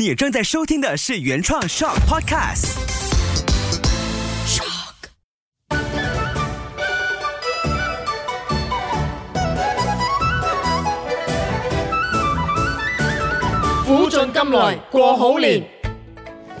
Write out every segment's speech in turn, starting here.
你正在收聽的是原創 Shock Podcast。Shock 虎進金來過好年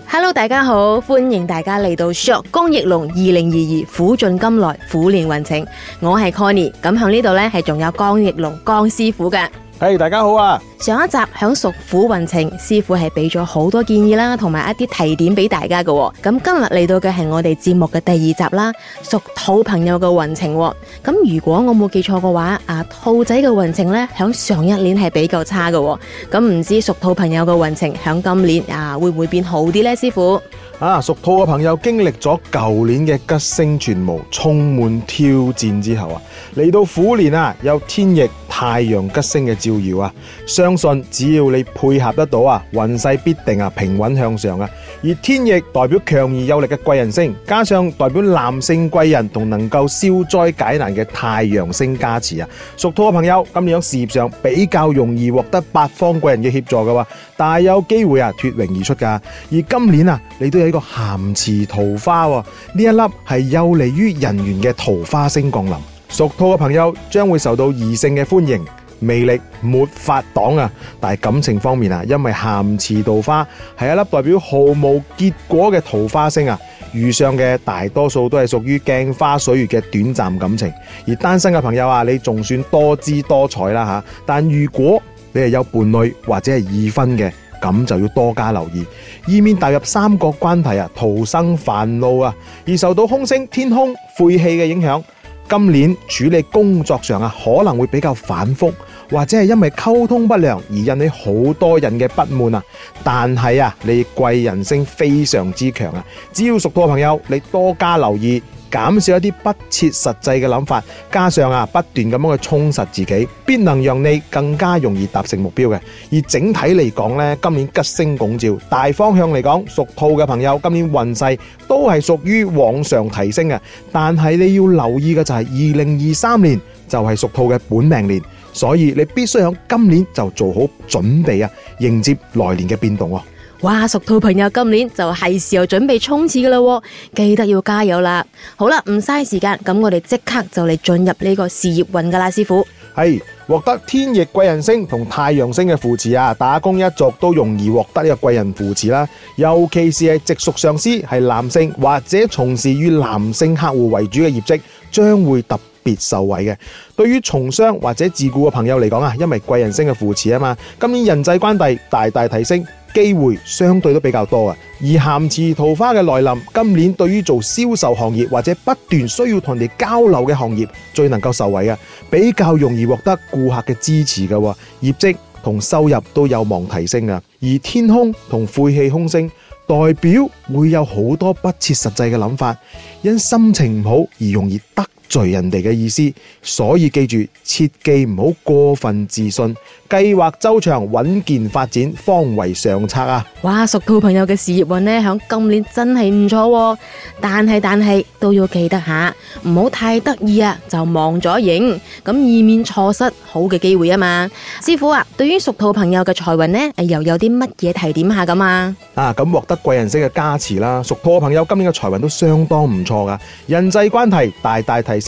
，Hello，大家好，歡迎大家嚟到 Shock 江奕龍二零二二虎進金來虎年運程，我係 Connie 咁響呢度咧係仲有江奕龍江師傅嘅。誒，hey, 大家好啊！上一集響屬虎運程，師傅係俾咗好多建議啦，同埋一啲提點俾大家嘅。咁今日嚟到嘅係我哋節目嘅第二集啦，屬兔朋友嘅運程。咁如果我冇記錯嘅話的的的，啊，兔仔嘅運程呢，響上一年係比較差嘅。咁唔知屬兔朋友嘅運程響今年啊會唔會變好啲呢，師傅？啊，屬兔嘅朋友經歷咗舊年嘅吉星全無，充滿挑戰之後啊，嚟到虎年啊，有天乙太陽吉星嘅照耀啊，相信只要你配合得到啊，運勢必定啊平穩向上啊。而天乙代表強而有力嘅貴人星，加上代表男性貴人同能夠消災解難嘅太陽星加持啊，屬兔嘅朋友，今年喺事業上比較容易獲得八方貴人嘅協助㗎喎，大有機會啊脫穎而出噶。而今年啊，你都有。呢個咸池桃花呢一粒係有利於人緣嘅桃花星降臨，屬兔嘅朋友將會受到異性嘅歡迎，魅力沒法擋啊！但係感情方面啊，因為咸池桃花係一粒代表毫無結果嘅桃花星啊，遇上嘅大多數都係屬於鏡花水月嘅短暫感情。而單身嘅朋友啊，你仲算多姿多彩啦吓，但如果你係有伴侶或者係已婚嘅。咁就要多加留意，以免踏入三角關係啊，徒生煩惱啊，而受到空星天空晦氣嘅影響。今年處理工作上啊，可能會比較反覆，或者係因為溝通不良而引起好多人嘅不滿啊。但係啊，你貴人星非常之強啊，只要屬兔嘅朋友，你多加留意。減少一啲不切實際嘅諗法，加上啊，不斷咁樣去充實自己，必能讓你更加容易達成目標嘅。而整體嚟講咧，今年吉星拱照，大方向嚟講，屬兔嘅朋友今年運勢都係屬於往上提升嘅。但係你要留意嘅就係二零二三年就係、是、屬兔嘅本命年，所以你必須喺今年就做好準備啊，迎接來年嘅變動哦。哇！屬兔朋友，今年就係時候準備衝刺噶啦，記得要加油啦。好啦，唔嘥時間，咁我哋即刻就嚟進入呢個事業運噶啦，師傅係獲得天乙貴人星同太陽星嘅扶持啊，打工一族都容易獲得呢個貴人扶持啦。尤其是係直屬上司係男性或者從事與男性客戶為主嘅業績，將會特別受惠嘅。對於從商或者自僱嘅朋友嚟講啊，因為貴人星嘅扶持啊嘛，今年人際關係大大，大大提升。機會相對都比較多啊，而咸池桃花嘅來臨，今年對於做銷售行業或者不斷需要同人哋交流嘅行業，最能夠受惠啊，比較容易獲得顧客嘅支持噶，業績同收入都有望提升啊。而天空同晦氣凶星，代表會有好多不切實際嘅諗法，因心情唔好而容易得罪人哋嘅意思，所以記住切記唔好過分自信，計劃周詳，穩健發展方為上策啊！哇，屬兔朋友嘅事業運呢，響今年真係唔錯，但係但係都要記得下，唔好太得意啊，就忘咗形，咁以免錯失好嘅機會啊嘛！師傅啊，對於屬兔朋友嘅財運呢，又有啲乜嘢提點下咁啊？啊，咁獲得貴人星嘅加持啦，屬兔朋友今年嘅財運都相當唔錯噶，人際關係大，大大提。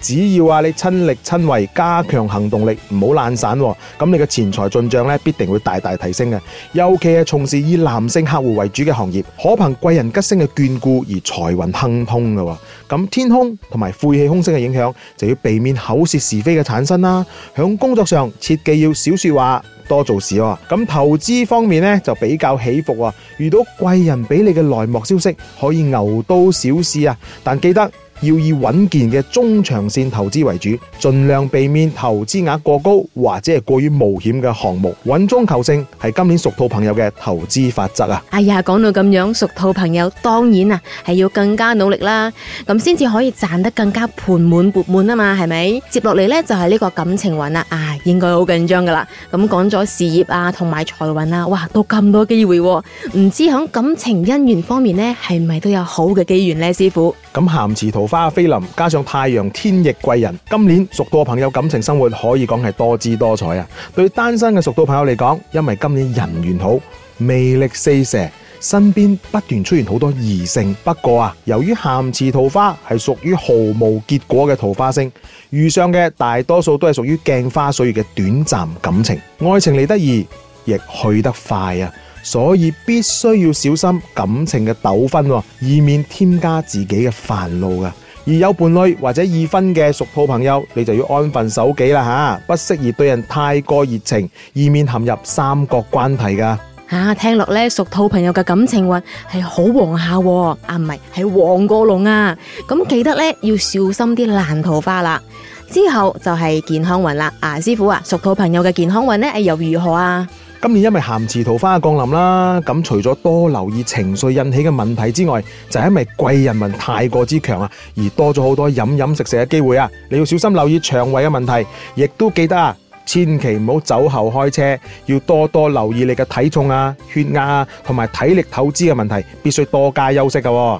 只要啊你親力親為，加強行動力，唔好懶散，咁你嘅錢財進賬咧必定會大大提升嘅。尤其係從事以男性客戶為主嘅行業，可憑貴人吉星嘅眷顧而財運亨通嘅。咁天空同埋晦氣空星嘅影響，就要避免口舌是非嘅產生啦。響工作上切記要少說話，多做事啊。咁投資方面咧就比較起伏啊。遇到貴人俾你嘅內幕消息，可以牛刀小試啊，但記得。要以穩健嘅中長線投資為主，盡量避免投資額過高或者係過於冒險嘅項目。穩中求勝係今年屬兔朋友嘅投資法則啊！哎呀，講到咁樣，屬兔朋友當然啊係要更加努力啦，咁先至可以賺得更加盆滿缽滿啊嘛，係咪？接落嚟呢就係、是、呢個感情運啦，啊，應該好緊張噶啦。咁講咗事業啊同埋財運啦，哇，都咁多機會、啊，唔知喺感情姻緣方面呢，係咪都有好嘅機緣呢？師傅，咁下次土。花飛臨加上太陽天乙貴人，今年屬兔嘅朋友感情生活可以講係多姿多彩啊！對單身嘅屬兔朋友嚟講，因為今年人緣好，魅力四射，身邊不斷出現好多異性。不過啊，由於咸池桃花係屬於毫無結果嘅桃花星，遇上嘅大多數都係屬於鏡花水月嘅短暫感情，愛情嚟得易，亦去得快啊！所以必須要小心感情嘅糾紛，以免添加自己嘅煩惱噶。而有伴侶或者已婚嘅屬兔朋友，你就要安分守己啦吓，不適宜對人太過熱情，以免陷入三角關係噶。吓、啊，聽落咧，屬兔朋友嘅感情運係好旺下啊，啊唔係係旺過龍啊。咁記得咧，要小心啲爛桃花啦。之後就係健康運啦。啊，師傅啊，屬兔朋友嘅健康運咧又如何啊？今年因為咸池桃花降臨啦，咁除咗多留意情緒引起嘅問題之外，就係、是、因為貴人運太過之強啊，而多咗好多飲飲食食嘅機會啊，你要小心留意腸胃嘅問題，亦都記得啊，千祈唔好酒後開車，要多多留意你嘅體重啊、血壓啊同埋體力透支嘅問題，必須多加休息噶。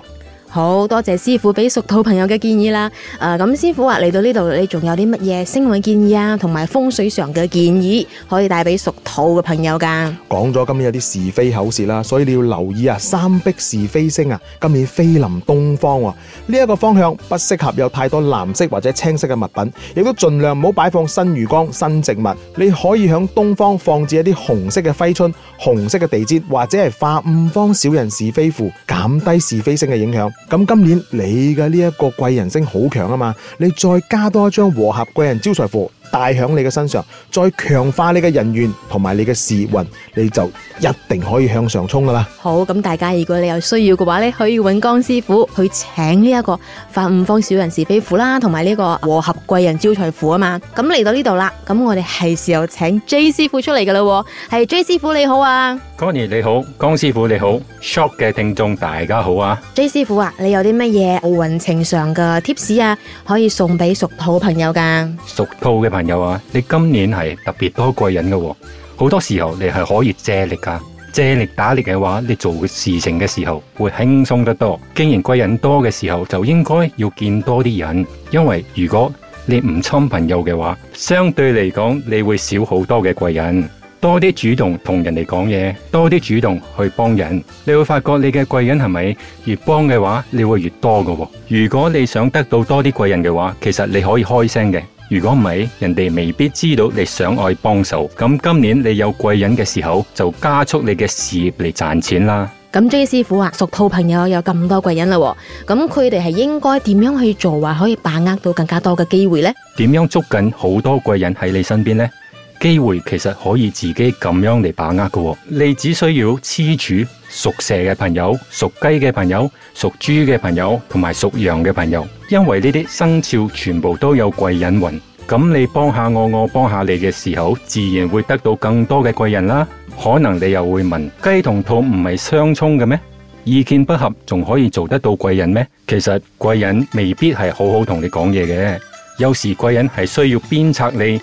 好多謝師傅俾屬兔朋友嘅建議啦！誒、呃、咁、嗯、師傅話、啊、嚟到呢度，你仲有啲乜嘢星運建議啊？同埋風水上嘅建議可以帶俾屬兔嘅朋友噶？講咗今年有啲是非口舌啦，所以你要留意啊，三碧是非星啊，今年飛臨東方喎、啊。呢、這、一個方向不適合有太多藍色或者青色嘅物品，亦都盡量唔好擺放新魚缸、新植物。你可以向東方放置一啲紅色嘅揮春、紅色嘅地氈，或者係化五方小人是非符，減低是非星嘅影響。咁今年你嘅呢一個貴人星好強啊嘛，你再加多一張和合貴人招財符。帶響你嘅身上，再強化你嘅人緣同埋你嘅事運，你就一定可以向上衝噶啦。好，咁大家如果你有需要嘅話咧，可以揾江師傅去請呢一個法五方小人是非符啦，同埋呢個和合貴人招財符啊嘛。咁嚟到呢度啦，咁我哋係時候請 J 師傅出嚟噶啦。係 J 師傅你好啊，Conny 你好，江師傅你好，Shock 嘅聽眾大家好啊。J 師傅啊，你有啲乜嘢運程上嘅 tips 啊，可以送俾屬兔朋友噶？屬兔嘅朋友朋友啊，你今年係特別多貴人嘅，哦，好多時候你係可以借力噶，借力打力嘅話，你做事情嘅時候會輕鬆得多。既然貴人多嘅時候就應該要見多啲人，因為如果你唔親朋友嘅話，相對嚟講你會少好多嘅貴人。多啲主動同人哋講嘢，多啲主動去幫人，你會發覺你嘅貴人係咪越幫嘅話你會越多嘅，哦。如果你想得到多啲貴人嘅話，其實你可以開聲嘅。如果唔係，人哋未必知道你想愛幫手。咁今年你有貴人嘅時候，就加速你嘅事業嚟賺錢啦。咁江師傅啊，屬兔朋友有咁多貴人啦，咁佢哋係應該點樣去做，話可以把握到更加多嘅機會咧？點樣捉緊好多貴人喺你身邊呢？機會其實可以自己咁樣嚟把握嘅。哦，你只需要黐住屬蛇嘅朋友、屬雞嘅朋友、屬豬嘅朋友同埋屬羊嘅朋友，因為呢啲生肖全部都有貴人運。咁你幫下我，我幫下你嘅時候，自然會得到更多嘅貴人啦。可能你又會問：雞同兔唔係相沖嘅咩？意見不合仲可以做得到貴人咩？其實貴人未必係好好同你講嘢嘅，有時貴人係需要鞭策你。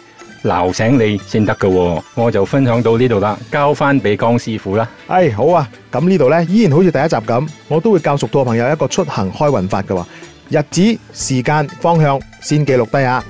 鬧醒你先得噶，我就分享到呢度啦，交翻俾江師傅啦。哎，好啊，咁呢度呢，依然好似第一集咁，我都會教熟到朋友一個出行開運法噶。日子、時間、方向先記錄低啊。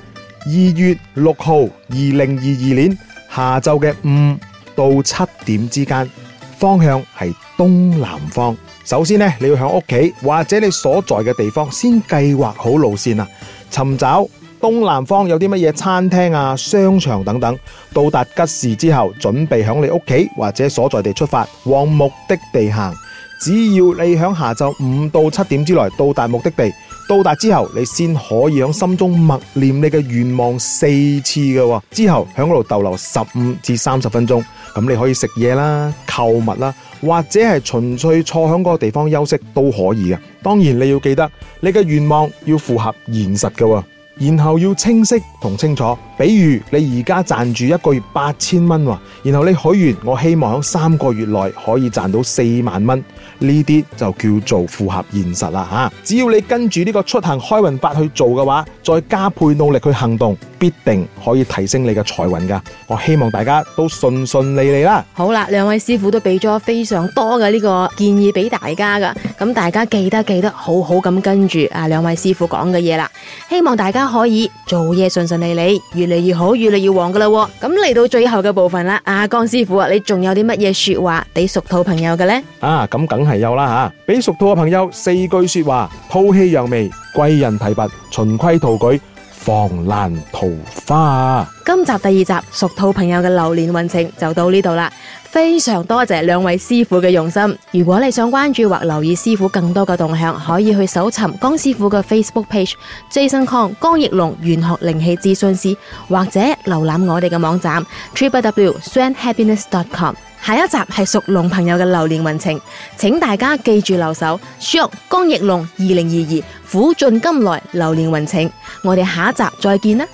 二月六號，二零二二年下晝嘅五到七點之間，方向係東南方。首先呢，你要響屋企或者你所在嘅地方先計劃好路線啊，尋找，東南方有啲乜嘢餐廳啊、商場等等。到達吉時之後，準備響你屋企或者所在地出發，往目的地行。只要你響下晝五到七點之內到達目的地，到達之後你先可以響心中默念你嘅願望四次嘅。之後響嗰度逗留十五至三十分鐘，咁你可以食嘢啦、購物啦，或者係純粹坐響嗰個地方休息都可以嘅。當然你要記得，你嘅願望要符合現實嘅。然後要清晰。同清楚，比如你而家賺住一個月八千蚊，然後你許願，我希望喺三個月內可以賺到四萬蚊，呢啲就叫做符合現實啦吓，啊。只要你跟住呢個出行開運法去做嘅話，再加倍努力去行動，必定可以提升你嘅財運噶。我希望大家都順順利利啦。好啦，兩位師傅都俾咗非常多嘅呢個建議俾大家噶，咁大家記得記得好好咁跟住啊兩位師傅講嘅嘢啦，希望大家可以做嘢順。順順利利越嚟越好，越嚟越旺噶啦！咁嚟到最後嘅部分啦，阿、啊、江師傅還啊，你仲有啲乜嘢說話俾屬兔朋友嘅呢？啊，咁梗係有啦吓，俾屬兔嘅朋友四句說話：吐氣揚眉，貴人提拔，循規蹈矩。防爛桃花。今集第二集屬兔朋友嘅流年運程就到呢度啦。非常多謝兩位師傅嘅用心。如果你想關注或留意師傅更多嘅動向，可以去搜尋江師傅嘅 Facebook page Jason Kong 江奕龍玄學靈氣諮詢師，或者瀏覽我哋嘅網站 www.sanhappiness.com。Www. 下一集係屬龍朋友嘅流年運程，請大家記住留守，肖江奕龍二零二二虎進金來流年運程，我哋下一集再見啦。